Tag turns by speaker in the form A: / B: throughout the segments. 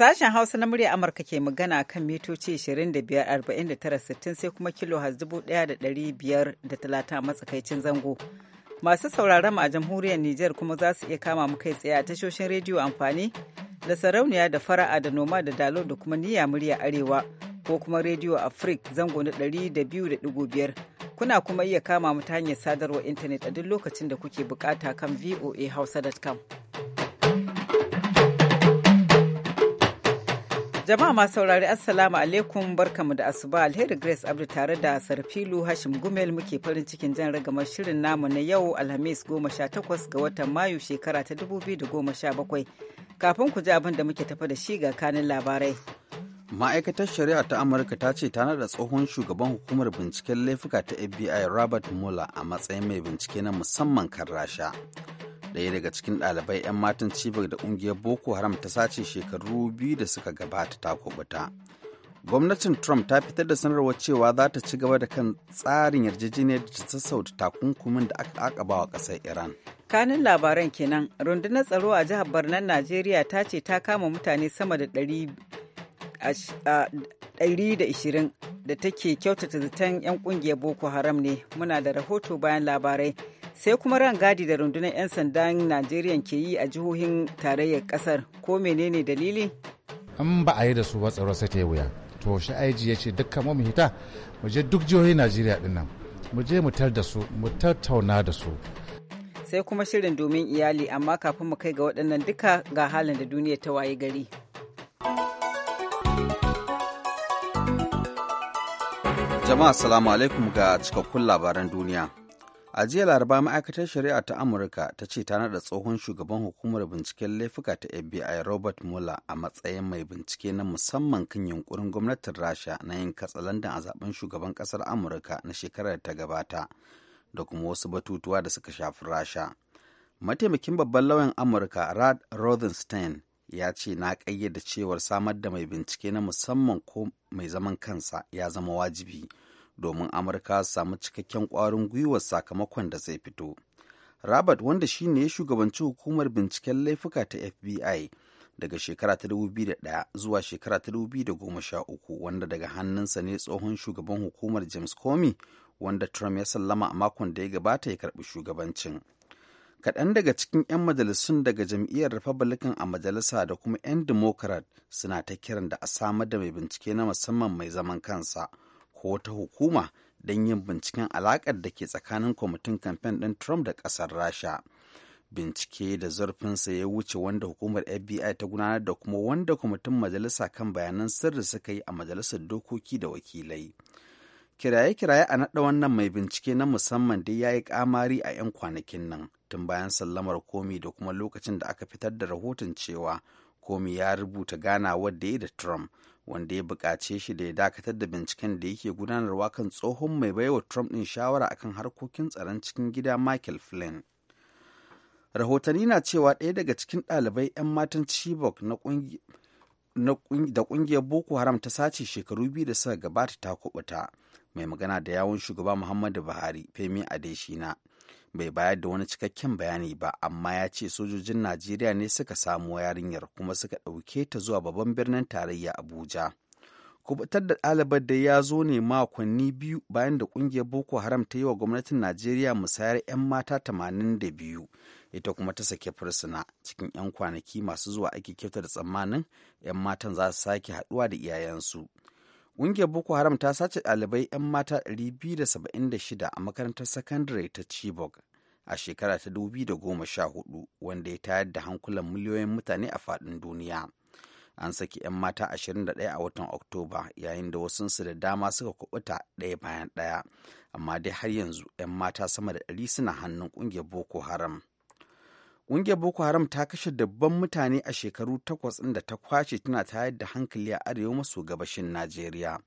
A: Sashen Hausa na murya Amurka ke magana kan mitoci 25,49,60 sai kuma kilo 1,530 a matsakaicin zango. Masu sauraron a jamhuriyar Nijar kuma za su iya kama mu kai tsaye a tashoshin rediyo amfani da sarauniya da fara'a da noma da dalo da kuma niyya murya arewa ko kuma rediyo Afrik zango na 200.5 kuna kuma iya kama mu ta hanyar sadarwar intanet a duk lokacin da kuke bukata kan voahausa.com. Jama'a masu saurari Assalamu alaikum barkamu da asuba alheri Grace Abdu tare da Sarfilu Hashim Gumel muke farin cikin jan ragamar shirin namu na yau Alhamis 18 ga watan Mayu shekara ta 2017.
B: Kafin ku ji abin
A: da muke tafa da shi ga kanin labarai.
B: Ma'aikatar Shari'a ta Amurka ta ce ta da tsohon shugaban hukumar binciken laifuka ta FBI Robert Mueller a matsayin mai bincike na musamman kan Rasha. ɗaya daga cikin ɗalibai 'yan matan cibiyar da ƙungiyar boko haram ta sace shekaru biyu da suka gabata ta kubuta gwamnatin trump ta fitar da sanarwar cewa za ta ci gaba da kan tsarin yarjejeniyar da ta sassauta takunkumin da aka akaba wa ƙasar iran
A: kanin labaran kenan rundunar tsaro a jihar barnan najeriya ta ce ta kama mutane sama da 120 da take kyautata zaton 'yan kungiyar boko haram ne muna da rahoto bayan labarai sai kuma ran gadi da rundunar 'yan sandan najeriya ke yi a jihohin tarayyar kasar ko menene dalili
C: in ba a yi da su ba tsaro sai ta yi wuya to shi aiji ya ce dukkan mu hita mu je duk jihohin najeriya din nan mu je mu tar da su mu tattauna da su
A: sai kuma shirin domin iyali amma kafin mu kai ga waɗannan duka ga halin da duniya ta waye gari
B: jama'a assalamu alaikum ga cikakkun labaran duniya a jiya laraba ma'aikatar shari'a ta amurka ta ce ta naɗa tsohon shugaban hukumar binciken laifuka ta fbi robert mueller a matsayin mai bincike na musamman kan yunkurin gwamnatin rasha na yin katsalandan a zaben shugaban ƙasar amurka na shekarar ta gabata da kuma wasu batutuwa da suka shafi rasha mataimakin babban lauyan amurka rad rothenstein ya ce na ƙayyade cewar samar da mai bincike na musamman ko mai zaman kansa ya zama wajibi. domin amurka samu cikakken kwarin gwiwar sakamakon da zai fito robert wanda shine ya shugabanci hukumar binciken laifuka ta fbi daga shekara ta 2001 zuwa shekara ta 2013 wanda daga hannunsa ne tsohon shugaban hukumar james comey wanda trump ya sallama a makon da ya gabata ya karbi shugabancin kaɗan daga cikin 'yan majalisun daga jam'iyyar republican a majalisa da kuma 'yan democrat suna ta kiran da a samar da mai bincike na musamman mai zaman kansa ko wata hukuma don yin binciken alakar da ke tsakanin kwamitin kamfen ɗin Trump da ƙasar Rasha. Bincike da zurfinsa ya wuce wanda hukumar FBI ta gudanar da kuma wanda kwamitin majalisa kan bayanan sirri suka yi a majalisar dokoki da wakilai. Kiraye-kiraye a naɗa wannan mai bincike na musamman dai ya yi ƙamari a 'yan kwanakin nan tun bayan sallamar komi da kuma lokacin da aka fitar da rahoton cewa komi ya rubuta ganawar da ya da Trump wanda ya buƙace shi da ya dakatar da binciken da yake gudanarwa kan tsohon mai baiwa Trump ɗin shawara a kan harkokin tsaron cikin gida Michael Flynn. Rahotanni na cewa ɗaya daga cikin ɗalibai 'yan matan Chibok da ƙungiyar Boko Haram ta sace shekaru biyu da suka gabata ta kubuta mai magana da yawon shugaba Muhammadu Buhari Femi Adeshina bai bayar da wani cikakken bayani ba amma ya ce sojojin najeriya ne suka samo yarinyar kuma suka ɗauke ta zuwa babban birnin tarayya abuja kubutar da ɗalibar da ya zo ne makonni biyu bayan da ƙungiyar boko haram ta yi wa gwamnatin najeriya musayar 'yan mata 82 ita kuma ta sake fursuna cikin 'yan kwanaki masu zuwa ake kyautar tsammanin 'yan matan za su sake haɗuwa da iyayensu ƙungiyar boko haram ta sace ɗalibai 'yan mata 276 a makarantar sakandare ta chibok a shekara ta 2014 wanda ya tayar da hankulan miliyoyin mutane a faɗin duniya an saki 'yan mata 21 a watan oktoba yayin da wasunsu da dama suka kubuta ɗaya bayan ɗaya amma dai har yanzu 'yan mata sama da 100 suna hannun ƙungiyar boko haram ƙungiyar boko haram ta kashe dabban mutane a shekaru takwas inda ta kwace tana tayar da hankali a arewa maso gabashin najeriya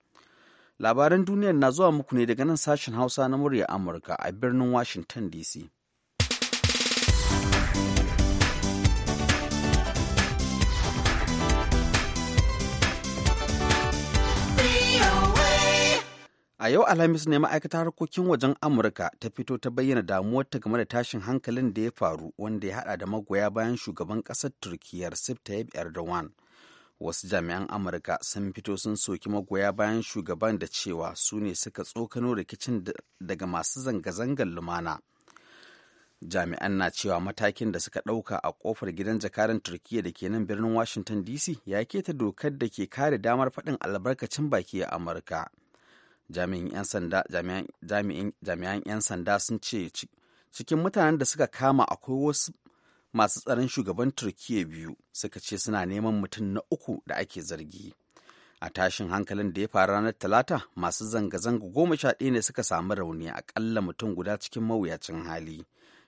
B: labaran duniyar na zuwa muku ne daga nan sashen hausa na murya amurka a birnin washington dc A yau Alhamis ne ma'aikatar harkokin wajen Amurka ta fito ta bayyana damuwarta game da tashin hankalin da ya faru wanda ya hada da magoya bayan shugaban ƙasar Turkiyya Recep Tayyip Erdogan. Wasu jami'an Amurka sun fito sun soki magoya bayan shugaban da cewa su ne suka tsokano rikicin daga masu zanga-zangar lumana. Jami'an na cewa matakin da suka ɗauka a ƙofar gidan jakaran Turkiyya da ke nan birnin Washington DC ya keta dokar da ke kare damar faɗin albarkacin baki a Amurka. jami'an 'yan sanda sun ce cikin mutanen da suka kama akwai wasu masu tsaron shugaban Turkiyya biyu suka ce suna neman mutum na uku da ake zargi a tashin hankalin da ya faru ranar talata masu zanga-zanga goma sha ɗaya ne suka samu rauni akalla mutum guda cikin mawuyacin hali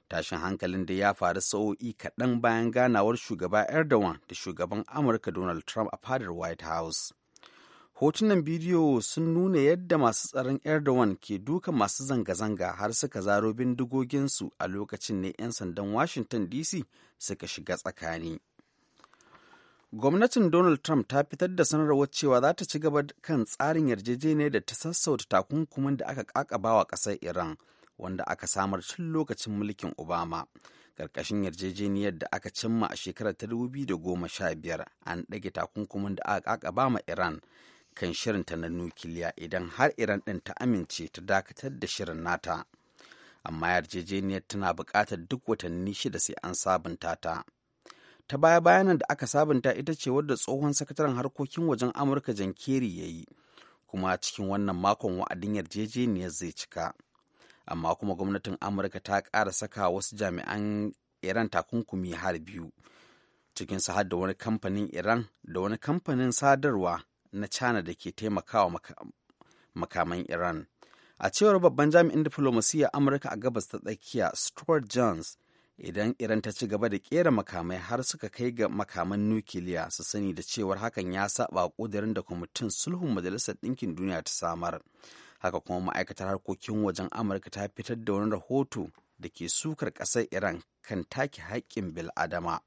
B: tashin hankalin da ya faru sa'o'i kaɗan bayan ganawar shugaba erdogan da shugaban amurka donald trump a fadar white house hotunan bidiyo sun nuna yadda masu tsaron erdogan ke duka masu zanga-zanga har suka zaro bindigoginsu a lokacin ne 'yan sandan washington dc suka shiga tsakani gwamnatin donald trump ta fitar da sanarwar cewa za ta ci gaba kan tsarin yarjejeniyar da ta sassauta takunkumin da aka wa ƙasar iran wanda aka samar tun lokacin mulkin obama karkashin yarjejeniyar da aka cimma a shekarar 2015 an ɗage takunkumin da aka kakaba ma iran kan shirinta na nukiliya idan har iran ɗin ta amince ta dakatar da shirin nata amma yarjejeniyar tana buƙatar duk watanni shida sai an sabunta ta ta baya bayanan da aka sabunta ita ce wadda tsohon sakataren harkokin wajen amurka jan keri ya yi kuma cikin wannan makon wa'adin yarjejeniyar zai cika amma kuma gwamnatin amurka ta kara saka wasu jami'an iran takunkumi har biyu cikin har da wani kamfanin iran da wani kamfanin sadarwa na China da ke taimakawa makaman Iran. A cewar babban jami'in diplomasiyya Amurka a gabas ta tsakiya Stuart Jones, idan Iran ta ci gaba da kera makamai har suka kai ga makaman nukiliya su sani da cewar hakan ya saba ƙudurin da kwamitin sulhun majalisar ɗinkin duniya ta samar. Haka kuma ma'aikatar harkokin wajen Amurka ta fitar da wani rahoto da ke sukar ƙasar Iran kan take haƙƙin bil'adama.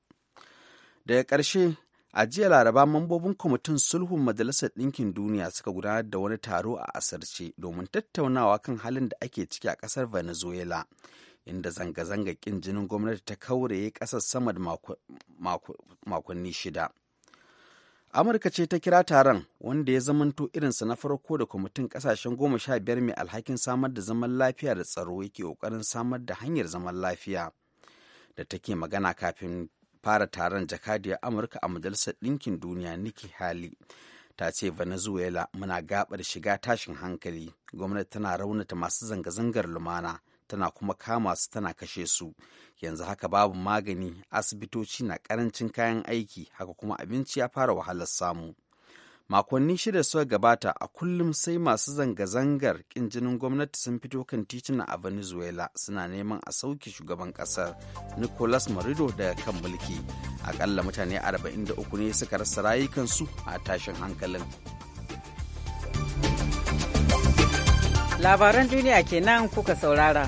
B: Daga ƙarshe, a jiya laraba mambobin kwamitin sulhun majalisar ɗinkin duniya suka gudanar da wani taro a asirce domin tattaunawa kan halin da ake ciki a ƙasar venezuela inda zanga-zanga ƙin jinin gwamnati ta kauraye ƙasar sama da makonni shida amurka ce ta kira taron wanda ya zamanto irinsa na farko da kwamitin ƙasashen goma sha biyar mai alhakin samar da zaman lafiya da tsaro yake ƙoƙarin samar da hanyar zaman lafiya da take magana kafin fara taron jakadiyar amurka a majalisar ɗinkin duniya nikki hali. ta ce venezuela muna gabar shiga tashin hankali gwamnati tana raunata masu zanga-zangar lumana tana kuma kama su tana kashe su yanzu haka babu magani asibitoci na karancin kayan aiki haka kuma abinci ya fara wahalar samu makonni shida suka gabata a kullum sai masu zanga-zangar kin jinin gwamnati sun fito kan titina a venezuela suna neman a sauke shugaban kasar nicolas marido daga kan mulki akalla mutane 43 ne suka rasa rayukansu a tashin hankalin
A: labaran duniya kenan kuka saurara.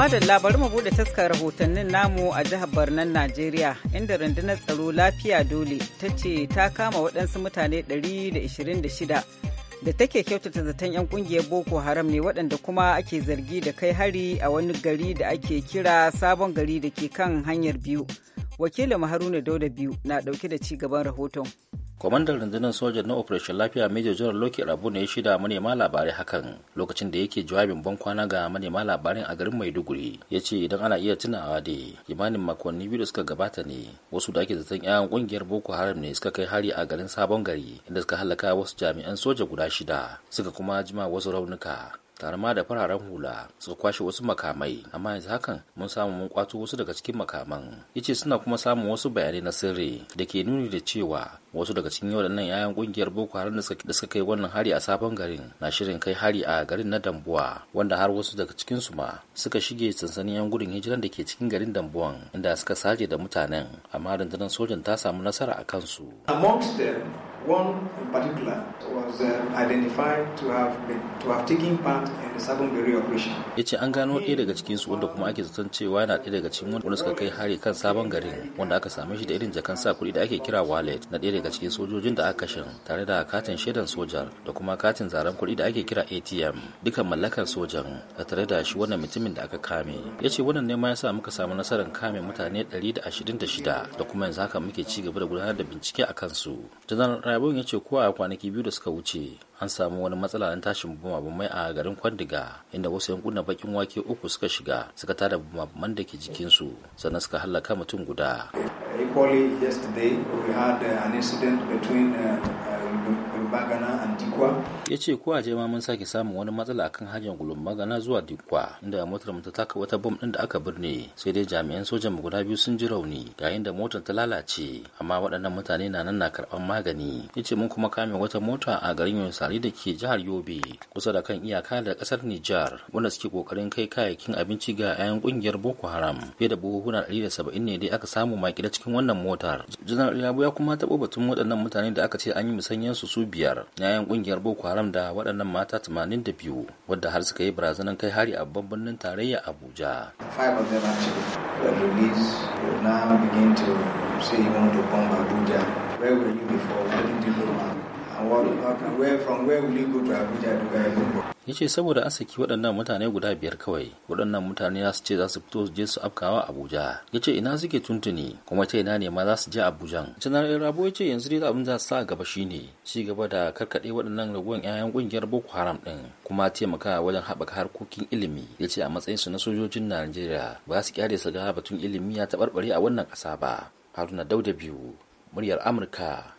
A: madalla bari mu bude taskar rahotannin namu a jihar Barnan Najeriya inda rundunar tsaro lafiya dole ta ce ta kama waɗansu mutane 126 da take kyautata zaton 'yan kungiyar Boko Haram ne waɗanda kuma ake zargi da kai hari a wani gari da ake kira sabon gari da ke kan hanyar biyu. Wakilin Haruna Dauda biyu na ɗauke da ci gaban rahoton.
D: kwamandan rundunar sojan na operation lafiya major general loki rabu ne ya shida manema labarai hakan lokacin da yake jawabin ban kwana ga manema labarin a garin maiduguri ya ce idan ana iya tunawa da imanin makonni biyu da suka gabata ne wasu da ake zaton yan kungiyar boko haram ne suka kai hari a garin sabon gari inda suka halaka wasu jami'an soja guda shida suka kuma jima wasu raunuka tare ma da fararen hula su kwashe wasu makamai amma yanzu hakan mun samu mun kwato wasu daga cikin makaman yace suna kuma samun wasu bayanai na sirri da ke nuni da cewa wasu daga cikin waɗannan 'ya'yan ƙungiyar boko haram da suka kai wannan hari a sabon garin na shirin kai hari a garin na dambuwa wanda har wasu daga su ma suka shige sansanin 'yan gudun hijiran da ke cikin garin dambuwan inda suka saje da mutanen amma rundunar sojan ta samu nasara a kansu
E: One in particular
B: was uh, identified to have been, to have taken part
D: ya ce an gano ɗaya daga cikinsu wanda kuma ake zaton cewa yana ɗaya daga cikin wanda suka kai hari kan sabon garin wanda aka same shi da irin jakan sa kuɗi da ake kira wallet na ɗaya daga cikin sojojin da aka kashe tare da katin shaidan sojar da kuma katin zaren kuɗi da ake kira atm dukan mallakar sojan da tare da shi wannan mutumin da aka kame yace ce wannan ne ma ya sa muka samu nasarar kame mutane 126 da da da shida kuma yanzu haka muke ci gaba da gudanar da bincike a kansu janar rabon ya ce kowa a kwanaki biyu da suka wuce an samu wani matsala na tashin bumabumai a garin kwandiga inda wasu yankunan bakin wake uku suka shiga suka da bumabuman da ke jikinsu sannan suka hallaka mutum guda.
C: Equally yesterday we had uh, incident between uh, gulumbagana dikwa
D: ya ce ko a ma mun sake samun wani matsala akan hanyar gulumbagana zuwa dikwa inda motar mu ta taka wata bom din da aka birne sai dai jami'an sojan mu guda biyu sun ji rauni yayin da motar ta lalace amma waɗannan mutane na nan na karɓar magani ya ce mun kuma kame wata mota a garin yonsari da ke jihar yobe kusa da kan iyaka da ƙasar nijar wanda suke ƙoƙarin kai kayayyakin abinci ga 'yan ƙungiyar boko haram fiye da buhuhuna 170 ne dai aka samu makida cikin wannan motar janar ya kuma taɓo batun waɗannan mutane da aka ce an yi musanyen su su biyar. biyar yayan kungiyar boko haram da waɗannan mata 82 wadda har suka yi barazanar kai hari a babban birnin tarayya abuja
E: abuja where were you before
D: ya ce saboda an saki waɗannan mutane guda biyar kawai waɗannan mutane za su ce za su fito su je su afkawa abuja ya ce ina suke tuntuni kuma ce ina ne ma za su je abujan janar rabo ya ce yanzu dai abin za su sa gaba shine ci gaba da karkaɗe waɗannan raguwan 'ya'yan ƙungiyar boko haram ɗin kuma taimakawa wajen haɓaka harkokin ilimi ya ce a matsayinsu na sojojin najeriya ba su kyare su ga batun ilimi ya taɓarɓare a wannan ƙasa ba haruna dauda biyu muryar amurka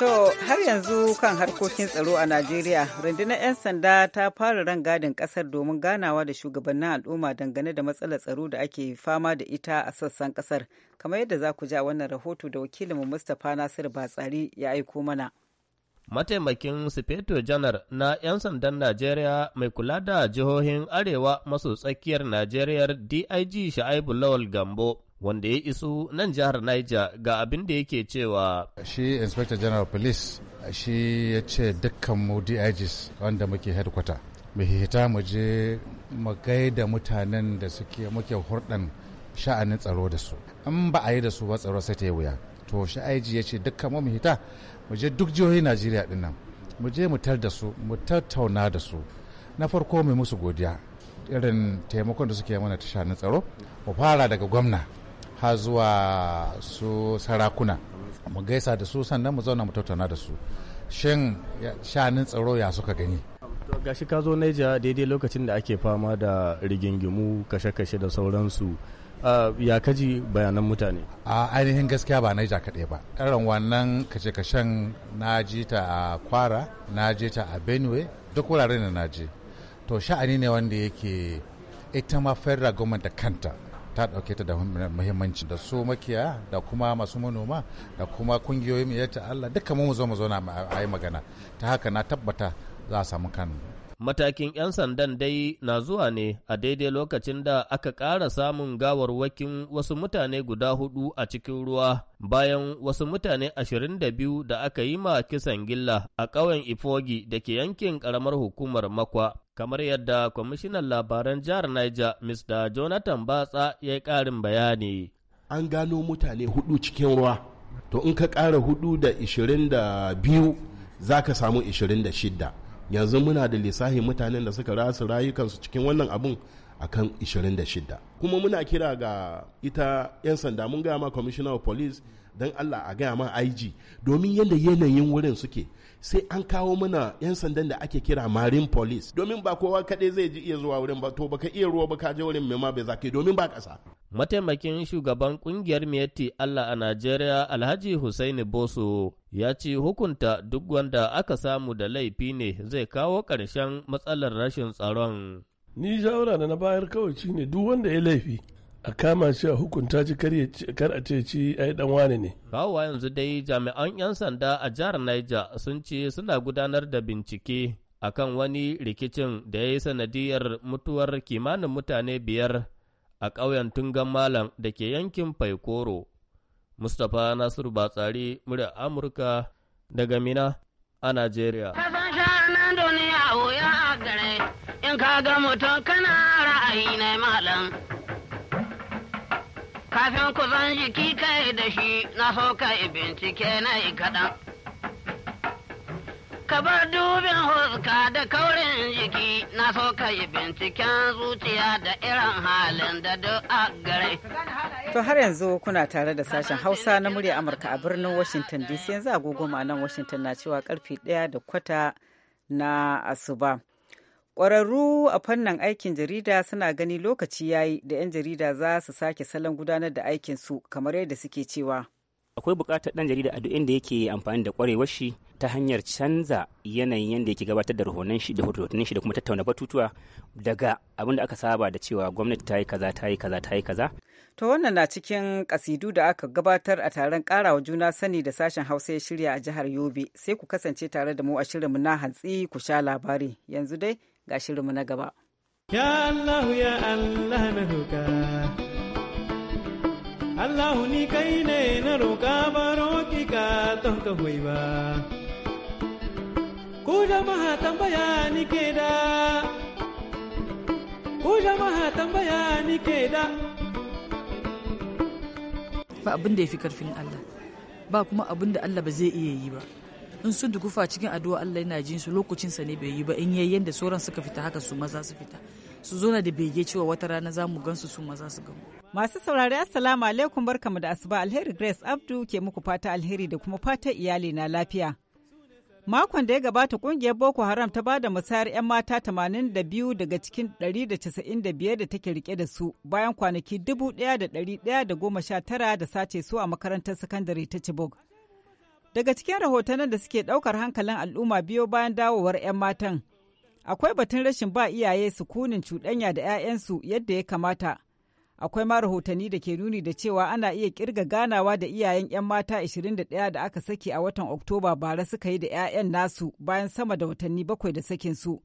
A: To har yanzu kan harkokin tsaro a Najeriya, rundunar 'yan sanda ta fara rangadin kasar domin ganawa da shugabannin al'umma dangane da matsalar tsaro da ake fama da ita a sassan kasar. Kamar yadda za ku ja wannan rahoto da wakilinmu Mustapha Nasir Batsari ya aiko mana.
F: Mataimakin Sufeto Janar na 'yan sandan Najeriya mai kula da jihohin Arewa maso tsakiyar Najeriya DIG Sha'ibu Lawal Gambo wanda ya isu nan jihar Niger ga abin da yake cewa.
C: Shi Inspector General Police shi ya ce dukkan mu DIGs wanda muke headquarter. Mu hita mu je mu gaida mutanen da suke muke hurɗan sha'anin tsaro da su. In ba a yi da su ba tsaro sai ta yi wuya. To shi IG ya ce dukkan mu hita mu je duk jihohin Najeriya din nan. Mu je mu tar da su, mu tattauna da su. Na farko mai musu godiya irin taimakon da suke mana ta sha'anin tsaro. Mu fara daga gwamna. har zuwa su sarakuna mu gaisa da su sannan mu zauna mu tattauna da su shin shanin tsaro ya suka gani gashi ka zo naija daidai lokacin da
F: ake fama da rigingimu kashe-kashe da sauransu ya kaji bayanan
C: mutane a ainihin gaskiya ba naija kaɗai ba irin wannan kashe-kashen na ji ta a kwara na ji ta a benue duk wurare da na ji to sha'ani ne wanda yake ita ma federal government da kanta ta ɗauke ta da muhimmanci da su makiya da kuma masu manoma da kuma kungiyoyi mu yadda Allah duka mu zo mu zo na ayi magana ta haka na tabbata za a samu kan
F: matakin 'yan sandan dai na zuwa ne a daidai lokacin da aka ƙara samun gawarwakin wasu mutane guda hudu a cikin ruwa bayan wasu mutane ashirin da biyu da aka yi ma kisan gilla a ƙauyen ifogi da ke yankin karamar hukumar makwa kamar yadda kwamishinan labaran jihar Niger Mr. Jonathan Batsa ya yi ƙarin bayani.
C: An gano mutane hudu cikin ruwa, to in ka ƙara hudu da ishirin da biyu za ka samu ishirin da shidda. Yanzu muna da lissafin mutanen da suka rasu rayukansu cikin wannan abun a kan ishirin da shidda. Kuma muna kira ga ita 'yan sanda mun gama kwamishinan of don allah a gaya ma ig domin yadda yanayin wurin suke sai an kawo mana 'yan sandan da ake kira marine police domin ba kowa kaɗai zai ji iya zuwa wurin ba to baka iya ruwa ba je wurin mai ma bai domin ba ƙasa.
F: mataimakin shugaban kungiyar miyatti allah a najeriya alhaji husaini boso ya ce hukunta duk wanda aka samu da laifi ne zai kawo ƙarshen matsalar rashin tsaron ni shawara da na bayar kawai shine duk wanda ya laifi a kama shi a hukunta shi kar a ce ci ai dan wane ne. Kawowa yanzu dai jami'an 'yan sanda a jihar Niger sun ce suna gudanar da bincike akan wani rikicin da ya yi sanadiyar mutuwar kimanin mutane biyar a ƙauyen Tungan Malam da ke yankin Faikoro. Mustapha Nasiru Batsari, murya Amurka daga Mina a Najeriya. duniya in ka ga mutum kana ra'ayi ne malam. kafin ku zan jiki kai da shi na so kai bincike na yi kaɗan. Kabar dubin huska da kaurin jiki na so kai binciken zuciya da irin halin da duk gare.
A: To har yanzu kuna tare da sashen Hausa na murya Amurka a birnin Washington DC yanzu agogo nan Washington na cewa karfe ɗaya da kwata na asuba. kwararru a fannin aikin jarida suna gani lokaci yayi da 'yan jarida za su sake salon gudanar da aikinsu kamar yadda suke cewa.
G: akwai buƙatar dan jarida a duk inda yake amfani da ƙwarewar shi ta hanyar canza yanayin yadda yake gabatar da rahonan shi da shi da kuma tattauna batutuwa daga abin da aka saba da cewa gwamnati ta yi kaza ta yi kaza ta yi kaza. To wannan na cikin
A: kasidu da aka gabatar a taron karawa juna sani da sashen Hausa ya shirya a jihar Yobe sai ku kasance tare da mu a shirinmu na hantsi ku sha labari yanzu dai ga shirinmu na gaba.
F: Ya Allah ya Allah na roƙa.
G: Allah ni kai ne na roƙa ba ki ka ton ka hoyi ba. Ku jama'a tambaya ni ke da. Ku jama'a tambaya ni ke da. Ba abin da ya fi karfin Allah. Ba kuma abin da Allah ba zai iya yi ba. in sun dugufa cikin addu'a Allah yana jin su lokacin sa ne bai yi ba in yayi yanda sauran suka fita haka su maza su fita
A: su zo na da bege cewa wata rana zamu gansu su maza su gamu. Masu saurari assalamu alaikum barkamu da asuba alheri Grace Abdu ke muku fata alheri da kuma fata iyali na lafiya. Makon da ya gabata kungiyar Boko Haram ta bada musayar 'yan mata 82 daga cikin 195 da take rike da su bayan kwanaki 1119 da sace su a makarantar sakandare ta Chibok. Daga cikin rahotannin da suke ɗaukar hankalin al'umma biyo bayan dawowar 'yan matan, akwai batun rashin ba iyaye su kunin cuɗanya da 'ya'yansu yadda ya kamata. Akwai ma rahotanni da ke nuni da cewa ana iya kirga ganawa da iyayen 'yan mata 21 da aka saki a watan Oktoba bara suka yi da 'ya'yan nasu bayan sama da watanni bakwai da sakin su.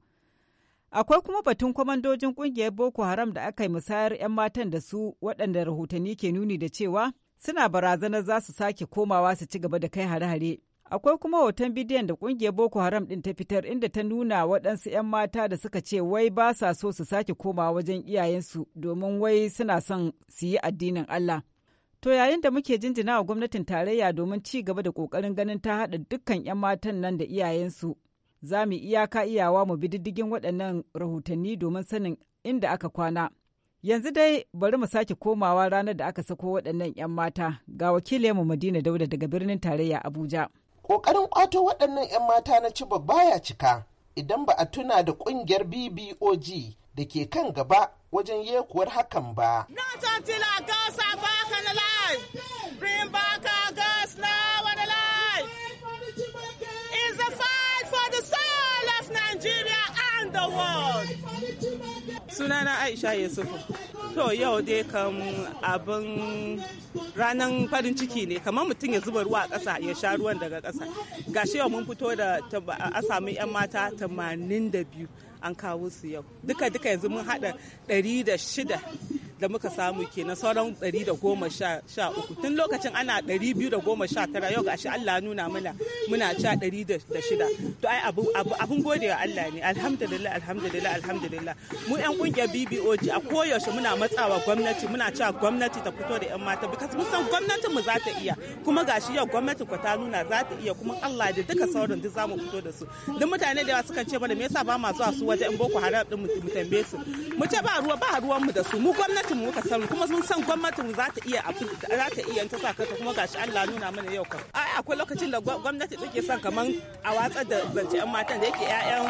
A: Akwai kuma batun kwamandojin ƙungiyar Boko Haram da aka yi musayar 'yan matan da su waɗanda rahotanni ke nuni da cewa suna barazanar za su sake komawa su ci gaba da kai hare-hare. Akwai kuma hoton bidiyon da kungiyar Boko Haram din ta fitar inda ta nuna waɗansu 'yan mata da suka ce wai ba sa so su sake komawa wajen iyayensu domin wai suna son su yi addinin Allah. To yayin da muke jinjina wa gwamnatin tarayya domin ci gaba da kokarin ganin ta haɗa dukkan 'yan matan nan da iyayensu, za mu iyaka iyawa mu bi diddigin waɗannan rahotanni domin sanin inda aka kwana. Yanzu dai bari mu sake komawa ranar da aka sako waɗannan 'yan mata ga wakilinmu Madina Dauda daga birnin tarayya Abuja. Ƙoƙarin ƙwato waɗannan 'yan mata na Ciba baya cika idan ba a tuna da ƙungiyar BBOG da
H: ke kan gaba wajen yekuwar hakan ba.
G: Nigeria and the world. sunana aisha yusufu to yau dai kam abin ranar farin ciki ne kamar mutum ya zuba ruwa a ƙasa ya sha ruwan daga ƙasa gashi yau mun fito da a 'yan mata 82 an kawo su yau duka duka yanzu mun haɗa ɗari da shida da muka samu ke na sauran 113 tun lokacin ana 219 yau gashi Allah nuna mana muna ca shida to ai abun gode wa Allah ne alhamdulillah alhamdulillah alhamdulillah mu yan kungiyar BBOG a koyaushe muna matsawa gwamnati muna cewa gwamnati ta fito da yan mata because mun san gwamnatin mu za ta iya kuma gashi yau gwamnatin ku ta nuna za ta iya kuma Allah da duka sauran duk zamu fito da su duk mutane da yawa suka ce mana me yasa ba ma zuwa su waje in boko haram din mu tambaye su mu ce ba ruwa ba ruwan mu da su mu gwamnatin mu muka san kuma sun san gwamnatin za ta iya za ta iya ta saka ta kuma gashi Allah nuna mana yau ka ai akwai lokacin da gwamnati take son kaman a watsar da zance ɗan matan da yake ƴaƴan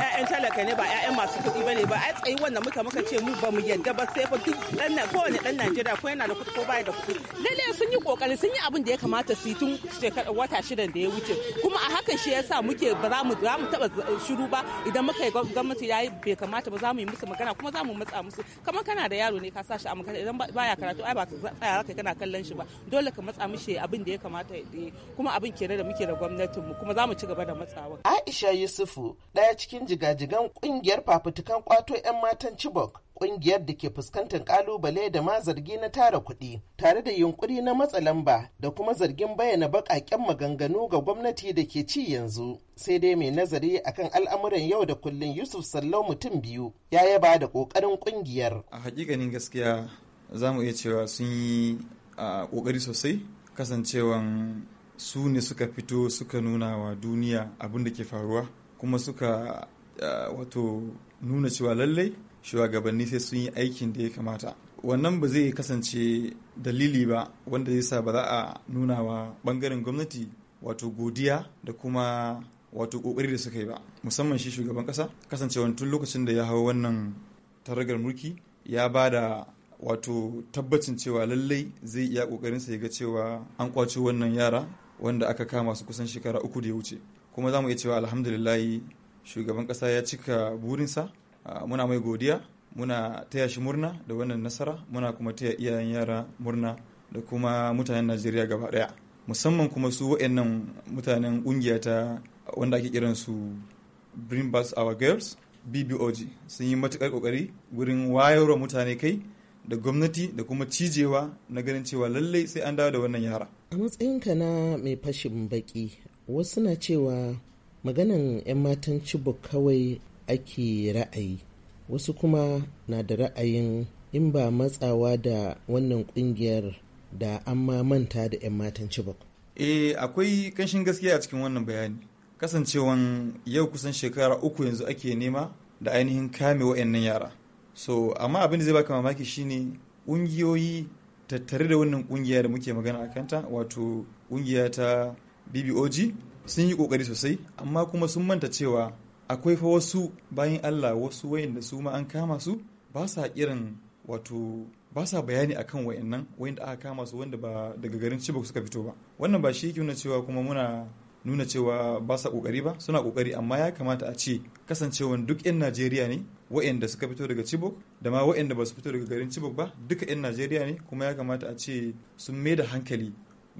G: ƴaƴan talaka ne ba ƴaƴan masu kuɗi bane ba ai tsayi wannan muka muka ce mu ba mu yadda ba sai fa duk dan na kowane dan Najeriya ko yana da kuɗi ko baya da kuɗi lalle sun yi kokari sun yi abin da ya kamata su yi tun shekara wata shidan da ya wuce kuma a hakan shi yasa muke ba za mu za mu taba shiru ba idan muka yi gwamnati ya yi bai kamata ba za mu yi musu magana kuma za mu matsa musu kamar kana da yaro ne ka sa shi a makaranta idan baya karatu ai ba ka tsaya kai kana kallon shi ba dole ka matsa mishi abin da ya kamata ya yi kuma abin kenan da muke da gwamnatin mu kuma za mu ci gaba da matsawa
H: Aisha Yusufu daya cikin jigajigan kungiyar fafutukan kwato 'yan matan Chibok kungiyar da ke fuskantar kalubale da ma zargi na tara kuɗi tare da yunkuri na matsa lamba da kuma zargin bayyana baƙaƙen maganganu ga gwamnati da ke ci yanzu sai dai mai nazari akan al'amuran yau da kullum yusuf sallau mutum biyu ya yaba da
E: ƙoƙarin kungiyar a hakikanin gaskiya za mu iya cewa sun yi ƙoƙari sosai kasancewan su ne suka fito suka nuna wa duniya abin da ke faruwa kuma suka wato nuna cewa lallai shugabanni sai sun yi aikin da ya kamata wannan ba zai kasance dalili ba wanda zai sa ba za a nuna wa bangaren gwamnati wato godiya da kuma wato kokari da suka yi ba musamman shi shugaban kasa kasancewan tun lokacin da ya hau wannan taragar mulki ya ba da wato tabbacin cewa lallai zai iya kokarinsa ya ga cewa an kwace wannan yara wanda aka kama su kusan shekara uku da ya wuce kuma za mu iya cewa alhamdulillahi shugaban kasa ya cika burinsa Ah, muna mai godiya muna taya shi murna da wannan nasara muna kuma taya iyayen yara murna da kuma mutanen najeriya gaba daya musamman kuma su waɗannan mutanen ƙungiya ta wanda ake kiran su bring back our girls bbog sun yi matukar ƙoƙari wurin wayarwa mutane kai da gwamnati da kuma cijewa na ganin cewa lallai sai an dawo da wannan yara
H: a matsayinka na mai fashin baki wasu na cewa maganan 'yan matan cibok kawai ake ra'ayi wasu kuma na da ra'ayin in ba matsawa da wannan kungiyar da an ma manta da 'yan matan ci
E: Eh akwai kanshin gaskiya a cikin wannan bayani. Kasancewan yau kusan shekara uku yanzu ake nema da ainihin kame wa'annan yara. So amma abin da zai baka mamaki shine ƙungiyoyi tattare da wannan ƙungiya da muke magana a kanta wato ƙungiya ta BBOG sun yi ƙoƙari sosai amma kuma sun manta cewa akwai fa wasu bayan Allah wasu wayanda su ma an kama su ba sa irin wato ba sa bayani akan wayannan wayanda aka kama su wanda ba daga garin Chibok suka fito ba wannan ba shi yake nuna cewa kuma muna nuna cewa ba sa kokari ba suna kokari amma ya kamata a ce kasancewan duk 'yan najeriya ne wa'anda suka fito daga chibok da ma wayanda ba su fito daga garin chibok ba duka 'yan najeriya ne kuma ya kamata a ce sun mai da hankali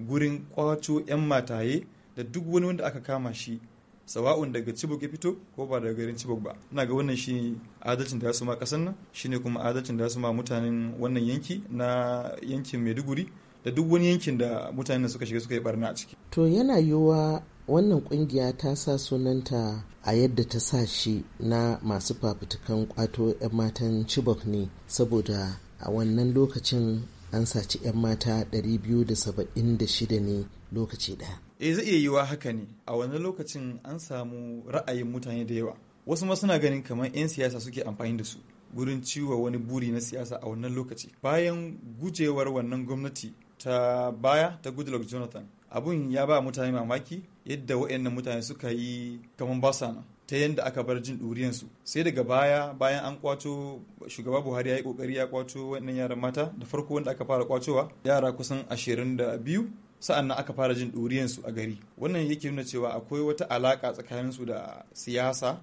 E: gurin kwaco 'yan mataye da duk wani wanda aka kama shi sawa'un daga cibok ya fito ko ba daga garin cibok ba ina ga wannan shi adalcin da ya suma kasan nan shine kuma adalcin da ya suma mutanen wannan yanki na yankin Maiduguri da duk wani yankin da mutanen suka shiga suka yi barna a ciki
H: to yana yiwuwa wannan kungiya ta sa sunanta a yadda ta sa shi na masu fafutukan kwato 'yan matan chibok ne saboda a wannan lokacin an saci 'yan mata 276 ne lokaci daya
E: eh zai iya yiwa haka ne a wani lokacin an samu ra'ayin mutane da yawa wasu ma suna ganin kamar 'yan siyasa suke amfani da su gurin ciwo wani buri na siyasa a wannan lokaci bayan gujewar wannan gwamnati ta baya ta goodluck jonathan abun ya ba mutane mamaki yadda waɗannan mutane suka yi kamar basa nan ta yadda aka bar jin ɗuriyansu sai daga baya bayan an kwato shugaba buhari ya yi ƙoƙari ya kwato wannan yaran mata da farko wanda aka fara kwacowa yara kusan ashirin da biyu sa'an nan aka fara jin su a gari wannan yake nuna cewa akwai wata alaƙa tsakaninsu da siyasa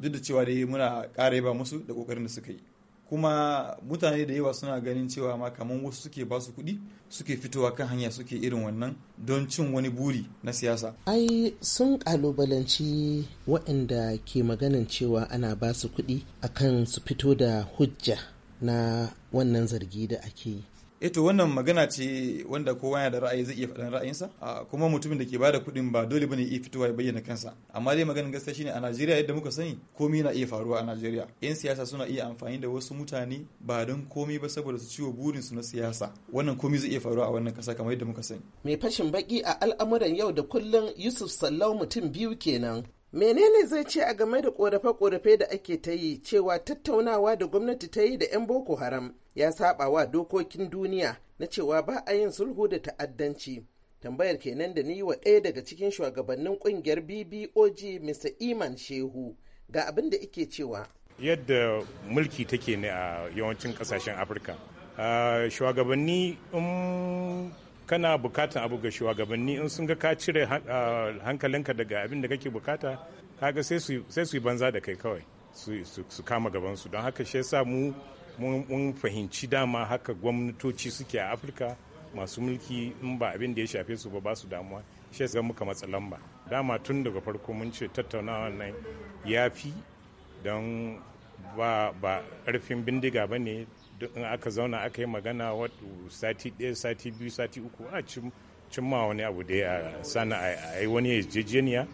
E: duk da cewa dai muna ƙara yaba musu da ƙoƙarin da suka yi kuma mutane da yawa suna ganin cewa ma kamar wasu suke ba su kuɗi suke fitowa kan hanya suke irin wannan don cin wani buri na siyasa.
H: ai sun ƙalubalanci waɗanda ke maganin cewa ana ba su kuɗi akan su fito da hujja na wannan zargi da ake yi
E: eto eh wannan magana ce wanda kowa yana da ra'ayi zai iya faɗin ra'ayinsa kuma mutumin da ke bada kuɗin ba dole bane iya fitowa ya bayyana kansa amma dai maganin gaskiya shine a Najeriya yadda muka sani komai na iya faruwa a Najeriya yan siyasa suna iya amfani da wasu mutane ba don komai ba saboda su ciwo burin su na siyasa wannan komai zai iya faruwa a wannan kasa kamar yadda muka sani
H: mai fashin baki a al'amuran yau da kullun Yusuf Sallau mutum biyu kenan menene zai ce a game da korafe-korafe da ake ta yi cewa tattaunawa da gwamnati ta yi da 'yan boko haram ya saba wa dokokin duniya na cewa ba a yin sulhu da ta'addanci tambayar kenan da ni wa ɗaya daga cikin shugabannin kungiyar bbog mr iman shehu ga abin da ike cewa
I: yadda mulki take ne a yawancin kasashen afirka ah, shugabanni um, kana bukatan abu ga shugabanni in sun ga ka cire ah, hankalinka daga abin da kake bukata kaga sai su yi banza da kai kawai su kama gabansu don haka shi yasa mu mun fahimci dama haka gwamnatoci suke a afirka masu mulki in ba abin da ya shafe su ba ba su damuwa shi yasa muka matsa lamba dama tun daga farko mun ce tattaunawa nan ya fi don ba ƙarfin bindiga ba ne duk in aka zauna aka yi magana sati ɗaya sati biyu sati uku a cimma wani abu da ya sana a yi wani yarjejeniya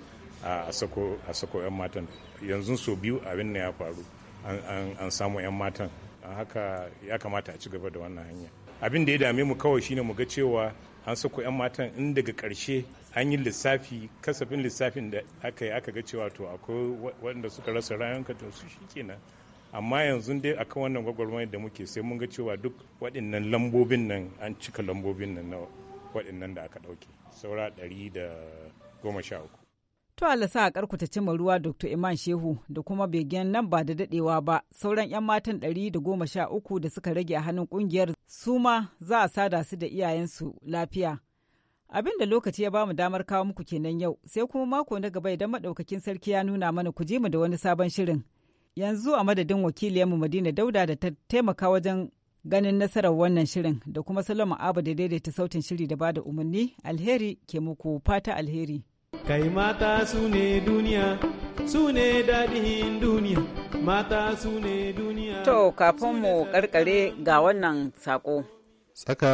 I: a sako 'yan matan yanzu so biyu abin da ya faru an samu 'yan matan haka ya kamata a ci gaba da wannan hanya abin da ya dame mu kawai shine mu ga cewa an sako 'yan matan in daga karshe an yi lissafi kasafin lissafin da aka yi aka ga cewa to akwai waɗanda suka rasa rayuwanka to su shi kenan amma yanzu dai akan wannan gwagwarmayar da muke sai mun ga cewa duk waɗannan lambobin nan an cika lambobin nan na waɗannan da aka ɗauke saura ɗari da goma sha uku.
A: To Allah sa karku ta cima ruwa Dr. Iman Shehu da kuma begen nan ba da dadewa ba sauran 'yan matan ɗari da goma sha uku da suka rage a hannun ƙungiyar su ma za a sada su da iyayensu lafiya. Abin da lokaci ya bamu damar kawo muku kenan yau sai kuma mako na gaba idan madaukakin sarki ya nuna mana ku je mu da wani sabon shirin. yanzu a madadin wakiliyarmu madina dauda da ta taimaka wajen ganin nasarar wannan shirin da kuma salama abu da daidaita sautin shiri da bada umarni alheri ke muku fata alheri kai mata su ne duniya su ne daɗin duniya mata su ne duniya to kafin mu karkare ga wannan sako
C: tsaka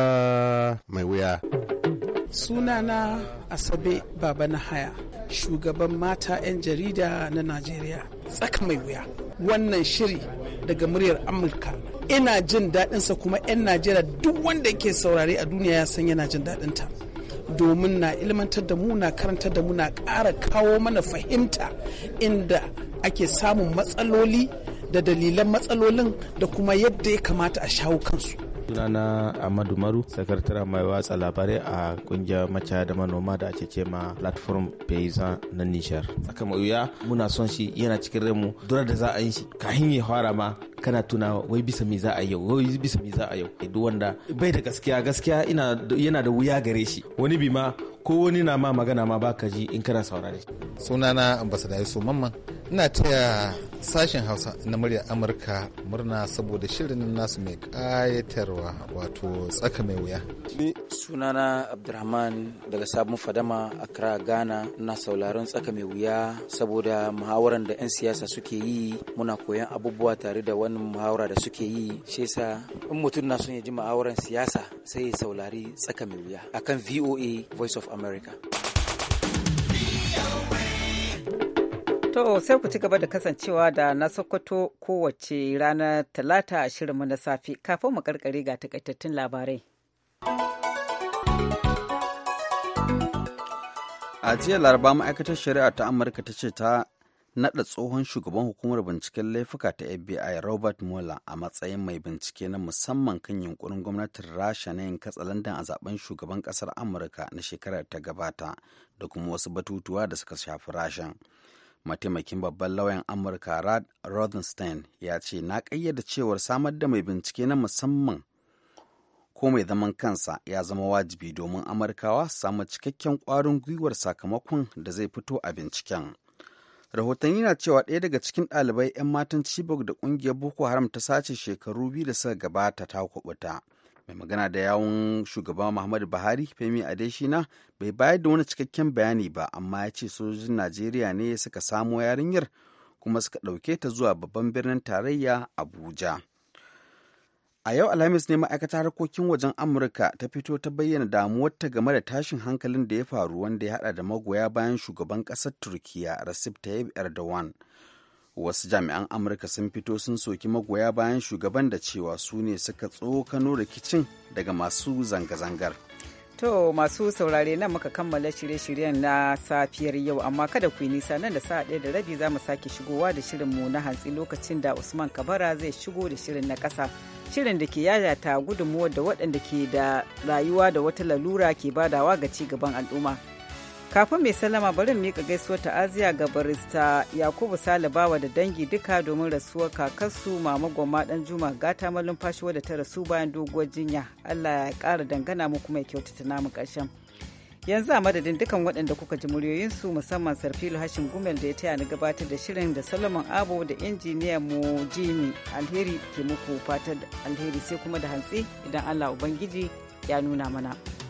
C: mai wuya
B: sunana asabe baba na haya shugaban mata 'yan jarida na najeriya tsaka mai wuya wannan shiri daga muryar amurka ina jin daɗinsa kuma 'yan najeriya duk wanda yake saurare a duniya ya san yana jin daɗinta domin na ilmantar da mu na karantar da mu na ƙara kawo mana fahimta inda ake samun matsaloli da dalilan matsalolin da kuma yadda ya kamata a shawo kansu
H: sunana amadu maru sakataren mai watsa labarai a kungiyar maca da manoma da ake cema ma platform paysan na nijar tsaka mai wuya muna son shi yana cikin remu dura da za a yi shi kahin ya fara ma kana tuna wai bisa me za a yau wai bisa me za a yau duk wanda bai da gaskiya gaskiya ina yana da wuya
C: gare shi wani bi ma ko wani na ma magana ma baka ji in kana saurare sunana ambassador Yusuf Mamman ina taya sashen Hausa na muryar Amurka murna saboda shirin nasu mai kayatarwa wato tsaka mai wuya
E: sunana
B: abdurrahman daga Sabon Fadama Accra Ghana na sauraron tsaka mai wuya saboda muhawaran da 'yan siyasa suke yi muna koyan abubuwa tare da wani wannan muhawara da suke yi shi yasa in mutum na son ya ji muhawaran siyasa sai ya saurari tsaka mai wuya
G: akan VOA Voice of America.
A: To sai ku ci gaba da kasancewa da na Sokoto kowace ranar Talata a shirinmu na safe kafin mu karkare ga takaitattun labarai.
B: A jiya laraba ma'aikatar shari'a ta Amurka ta ce ta naɗa tsohon shugaban hukumar binciken laifuka ta FBI Robert Mueller a matsayin mai bincike na musamman kan yunkurin gwamnatin Rasha na yin katsalandan a zaben shugaban ƙasar Amurka na shekarar ta gabata da kuma wasu batutuwa da suka shafi Rashan. Mataimakin babban lauyan Amurka Rad Rothenstein ya ce na ƙayyada cewar samar da mai bincike na musamman ko mai zaman kansa ya zama wajibi domin Amurkawa samu cikakken ƙwarin gwiwar sakamakon da zai fito a binciken. rahotanni na cewa ɗaya daga cikin ɗalibai 'yan matan chibok da ƙungiyar boko haram ta sace shekaru biyu da suka gabata ta kubuta mai magana da yawun shugaba muhammadu buhari femi adeshina bai bayar da wani cikakken bayani ba amma ya ce sojojin najeriya ne suka samo yarinyar kuma suka ɗauke ta zuwa babban birnin tarayya abuja A yau Alhamis ne ma'aikatar harkokin wajen Amurka ta fito ta bayyana damuwarta game da tashin hankalin da ya faru wanda ya hada da magoya bayan shugaban ƙasar Turkiya Recep Tayyip Erdogan. Wasu jami'an Amurka sun fito sun soki magoya bayan shugaban da cewa su ne suka tsokano rikicin daga masu zanga-zangar.
A: To masu saurare nan muka kammala shirye-shiryen na safiyar yau amma kada ku yi nisa nan da sa'a ɗaya da rabi za mu sake shigowa da shirin mu na hantsi lokacin da Usman Kabara zai shigo da shirin na ƙasa. shirin da ke yayata gudunmuwa da waɗanda ke da rayuwa da wata lalura ke badawa ga ci gaban al'umma. Kafin mai salama, bari miƙa gaisuwar ta'aziya ga barista Yakubu Salibawa da dangi duka domin rasuwar kakarsu Mama Gwamma ɗan Juma gata malumfashi wadda ta rasu bayan doguwar jinya. Allah ya ƙara dangana mu kuma ya kyautata namu ƙarshen. yanzu a madadin dukan waɗanda kuka ji muryoyinsu musamman sarfilu hashin gumel da ya taya ni gabatar da shirin da solomon abu da injiniya mu jimi alheri ke muku fatar alheri sai kuma da hantsi idan allah ubangiji ya nuna mana.